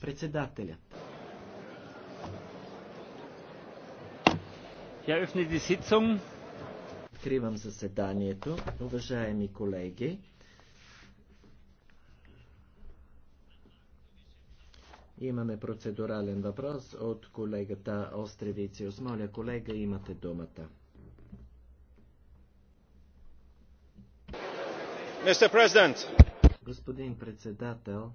Председателят. Я ефни дисицум. Откривам заседанието. Уважаеми колеги, имаме процедурален въпрос от колегата Остревициус. Моля, колега, имате думата. Господин председател,